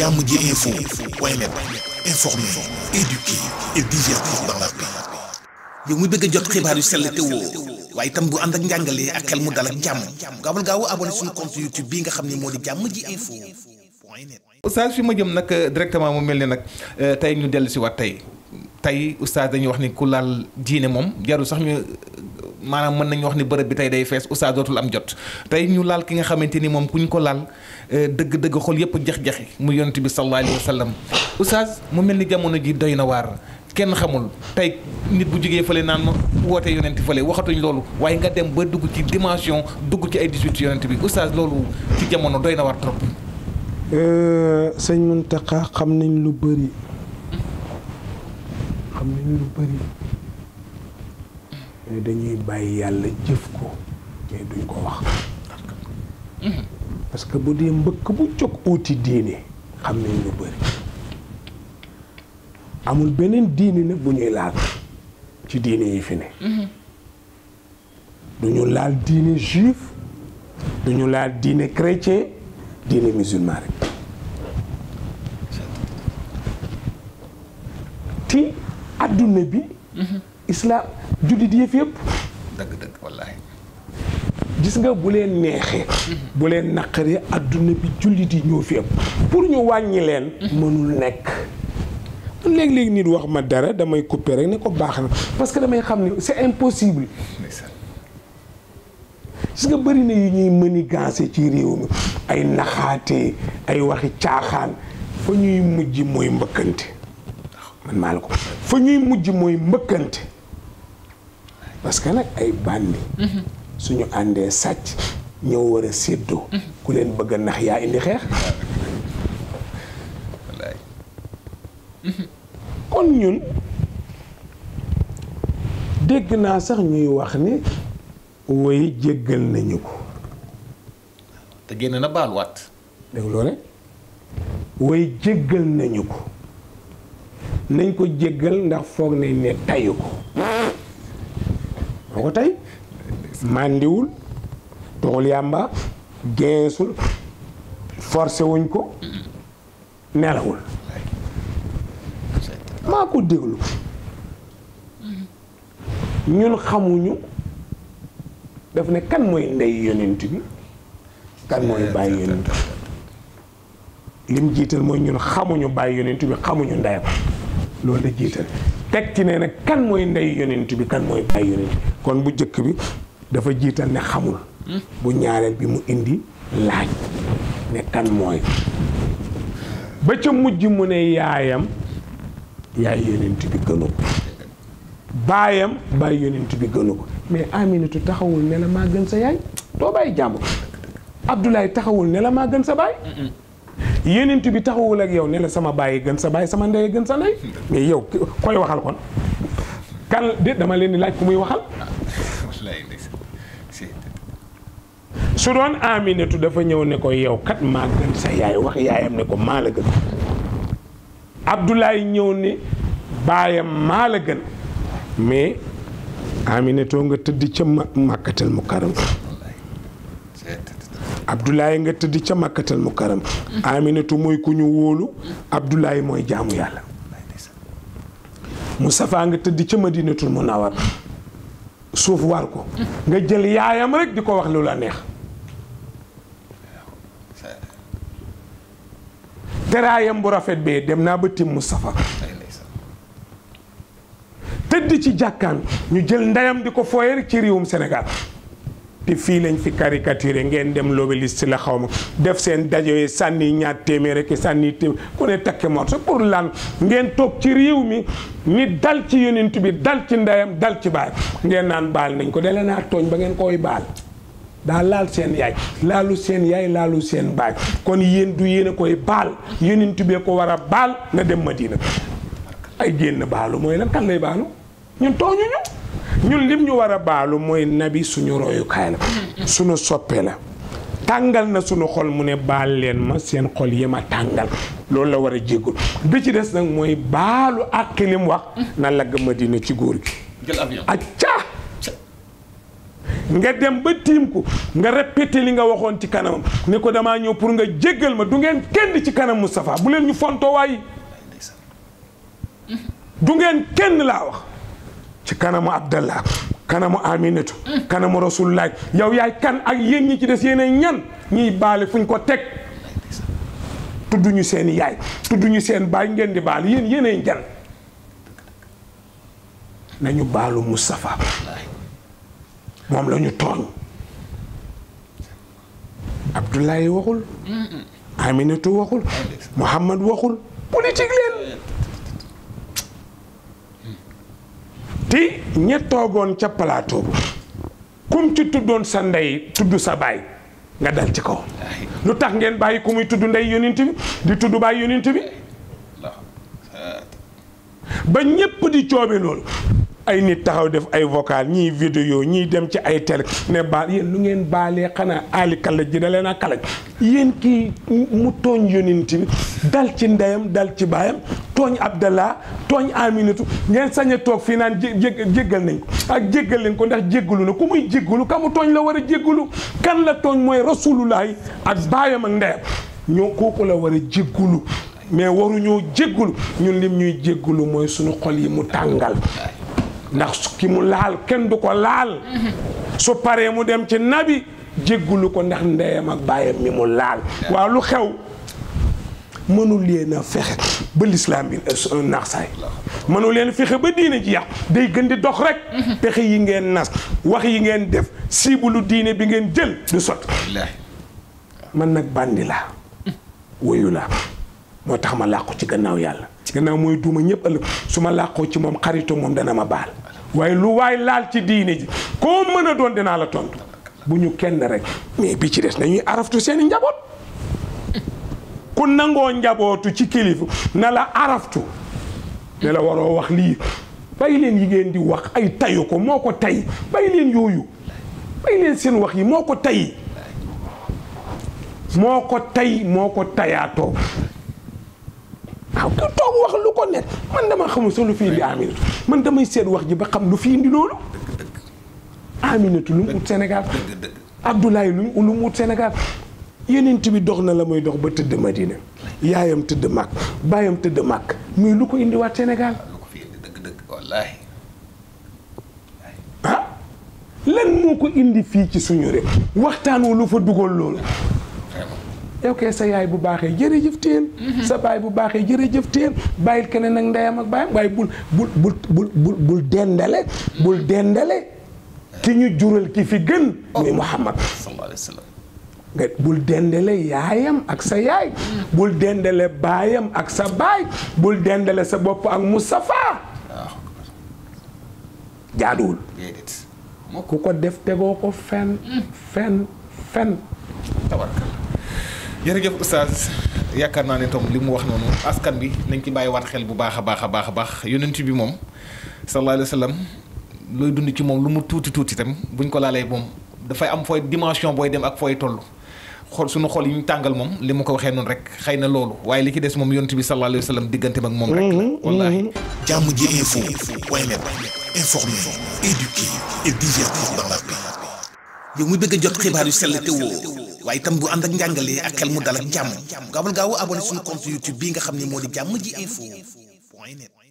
jàmm ji info point net informer, éduquer et divertir dans la paix. yow mi bëgg jot xibaar yu sell te woo waaye itam bu ànd ak njàngalee ak xel mu dal ak jàmm gaawal gaaw abonné suñu compte YouTube bi nga xam ne moo di jàmm ji info. saa fi ma jëm nag euh, directement mu mel ni nag euh, tey ñu dellu si waat tey. tey oustaz dañuy wax ni ku laal diine moom jarul sax ñu maanaam mën nañu wax ni bërëb bi tey day fees oustaz dootul am jot tey ñu laal ki nga xamante ni moom ku ñu ko laal eh, dëgg-dëgg xool yëpp jax jaxe mu yonent bi sallallahu alayhi wa sallam mu mel ni jamono ji doy na waar kenn xamul tey nit bu jógee fële naan ma woote yonent fële waxatuñ loolu waaye nga dem ba dugg ci dimension dugg ci ay 18 yonent bi oustaz loolu ci jamono doy na waar trop. Euh, sëñ Mountakha xam nañ lu bëri. xam ne lu bëri mais dañuy bàyyi yàlla jëf ko mais duñ ko wax parce que bu dee mbëkk bu jóg uuti diine xam nañ lu bëri amul beneen diini nag bu ñuy laal ci diine yi fi ne du ñu laal diine juif du ñu laal diine chrétien diine musulman rek ti adduna bi. islam jullit yëf yëpp. dëgg dëgg wallaahi. gis nga bu leen neexee. bu leen naqaree adduna bi jullit yi ñoo fi pour ñu wàññi leen. mënul nekk. man léegi-léegi nit wax ma dara damay couper rek ne ko baax na parce que damay xam ne c'est impossible. gis nga bëri na yu ñuy mëni gancé ci réew mi ay naxaate ay waxi caaxaan foo ñuy mujj mooy mbëkkante. man maa la fa ñuy mujj mooy mbëkkante parce que nag ay bandi mhm. suñu àndee sàcc ñoo war a séddoo mhm. ku leen bëgg a nax yaa indi xeex mhm. kon ñun dégg naa sax ñuy wax ni woy jéggal nañu ko te génn na baal waat dégg loolu woy jéggal nañu ko nañ ko jéggal ndax foog nañ ne tayu ko moo ko tay màndiwul toxul yàmba geensul forcé wuñ ko nelawul maa ko déglu ñun xamuñu daf ne kan mooy ndey yonent kan mooy bàyyi yonent lim jiital mooy ñun xamuñu bàyyi yonent bi xamuñu ndeyam loolu la jiital teg ci ne nag kan mooy ndey yonent bi kan mooy baay yonent bi kon bu jëkk bi dafa jiital ne xamul hmm? bu ñaareel bi mu indi laaj ne kan mooy ba ca mujj mu ne yaayam yaay yonent bi gënu baayam baay yonent bi gënu ko mais Aminatu taxawul ne la maa gën sa yaay doo bàyyi jàmm Abdoulaye taxawul ne la maa gën sa baay yenent bi taxawul ak yow ne la sama bàyyi gën sa bàyyi sama ndey gën sa ndey mais yow koy waxal kon kan de dama leen di laaj ku muy waxal su doon Aminatu dafa ñëw ne ko yow kat maa gën sa yaay wax yaayam ne ko maa la gën Abdoulaye ñëw ni baayam maa la gën mais Aminatu nga tëdd ca màkkatal mu karam Abdoulaye nga tëdd ca màkkatal mukaram Aminatu mooy ku ñu wóolu Abdoulaye mooy jaamu yàlla Moustapha nga tëdd ca Madinatul Munawwar suuf waar ko nga jël yaayam rek di ko wax lu la neex teraayam bu rafet bee dem naa ba tim tëdd ci jàkkaan ñu jël ndeyam di ko fooye ci réewum senegal te fii lañ fi caricature ngeen dem l'Obélisque la xaw ma def seen daje yi sànni ñaat téeméer rek sànni téeméer ku ne takki morso pour lan ngeen toog ci réew mi ni dal ci yonent bi dal ci ndeyam ngeen naan baal nañ ko dale naa tooñ ba ngeen koy baal daa laal seen yaay laalu seen yaay laalu seen baay kon yéen du yéen a koy baal yonent tubee ko war a baal na dem Madina ay génn baalu mooy lan kan lay baalu ñun tooñuñu ñun lim ñu war a baalu mooy nabi suñu royukaay la suñu soppee la tàngal na suñu xol mu ne baal leen ma seen xol yi ma tàngal loolu la war a jéggul bi ci des nag mooy baalu ak lim wax na lagg Madina ci góor gi jël avion acca nga dem ba tiim ko nga répété li nga waxoon ci kanamam ne ko damaa ñëw pour nga jéggal ma du ngeen kenn ci kanam Moustapha bu leen ñu fontoo waay du ngeen kenn laa wax ci kanamu Abdallah kanamu Aminatu kanamu Rasulullah yow yaay kan ak yéen ñi ci des yéen ñan ñiy baale fuñ ko teg tudd ñu seen yaay tudd ñu seen baay ngeen di baal yéen yeneen jan nañu baalu mustafa moom la ñu tooñ Abdoulaye waxul Aminatu waxul Mouhamad waxul politique leen te ña toogoon ca palaato ba kum ci tuddoon sa ndey tudd sa baay nga dal ci kaw lu tax ngeen bàyyi ku muy tudd ndey yonent bi di tudd baay yonent bi ba ñépp di coobe loolu ay nit taxaw def ay vocal ñii vidéo ñii dem ci ay télé ne baal yéen lu ngeen baalee xanaa aali kalaj ji da leen a kalaj yéen kii mu tooñ yonent bi dal ci ndeyam dal ci baayam tooñ Abdallah tooñ Aminatu ngeen sañ a toog fii naan jég jéggal nañ ko ak jéggal leen ko ndax jéggalu na ko muy jéggalu kamu tooñ la war a jéggalu kan la tooñ mooy rasulullahi ak baayam ak ndeyam ñoo kooku la war a jéggalu mais waruñoo jéggalu ñun lim ñuy jéggalu mooy suñu xol yi mu tàngal ndax ki mu laal kenn du ko laal su paree mu dem ci nabi jéggalu ko ndax ndeyam ak baayam mi mu laal waaw lu xew mënul leen a ba l'islam bi naax saay mënul leen fexe ba diine ji yàq day gën di dox rek pexe yi ngeen nas wax yi ngeen def lu diine bi ngeen jël du sot man nag bandi laa woyu laa moo tax ma làqu ci gannaaw yàlla ci gannaaw mooy duuma ñëpp ëllëg su ma làqoo ci moom xaritoo moom dana ma baal waaye lu waay laal ci diine ji koo mën a doon dinaa la tontu bu ñu kenn rek mais bi ci des nañuy araftu seen i njaboot ku nangoo njabootu ci kilifa na la araftu ne la waroo wax lii bay leen yi ngeen di wax ay tayu ko moo ko tay bay leen yooyu bàyyi leen seen wax yi moo ko tay moo ko tay moo ko tayaatoo waaw ku toog wax lu ko nekk man dama xamul sax lu fi indi Aminatu man damay seet wax ji ba xam lu fii indi loolu Aminatu lu mu ut senegal Abdoulaye lu mu ut Sénégal yeneen bi dox na la muy dox ba tëdd Madina yaayam tëdd màkk baayam tëdd màkk muy lu ko indiwaat Sénégal ah lan moo ko indi fii ci suñu réew waxtaan wu lu fa dugal loolu yow sa yaay bu baaxee jërëjëf teen mhm. sa baay bu baaxee jërëjëf teen bàyyil keneen ak ndeyam ak baayam waaye bul bul bul bul bul dendale bul dendale ki ñu jural ki fi gën muy oh. Muhammad nga bul dendale yaayam ak sa yaay bul dendale baayam ak sa baay bul dendale sa bopp ak Moustapha jaaduwul ku ko def tegoo ko fen mm. fen fen tabarkalla jërëjëf oustaz yaakaar naa ne tom li mu wax noonu askan bi nañ ki bàyyi waat xel bu baax a baax a baax a baax yonent bi moom sallallahu alayhi wa sallam looy dund ci moom lu mu tuuti tuuti tam buñ ko laalee moom dafay am fooy dimension booy dem ak fooy toll xol suñu xol yi ñu tàngal moom li ma ko waxee noonu rek xëy na loolu waaye li ci des moom yonent bi sallallahu alayhi wa sallam digganteem ak moom rek la mm-hmm, mm-hmm. wallaahi jàmm ji info waaye nag informer, éduquer et yow mu bëgg a jot xibaar yu sell te woo waaye itam bu ànd ak njàngalee ak xel mu dal ak jàmm gaawal gaaw abonné suñu compte YouTube bii nga xam ne moo di jàmm ji info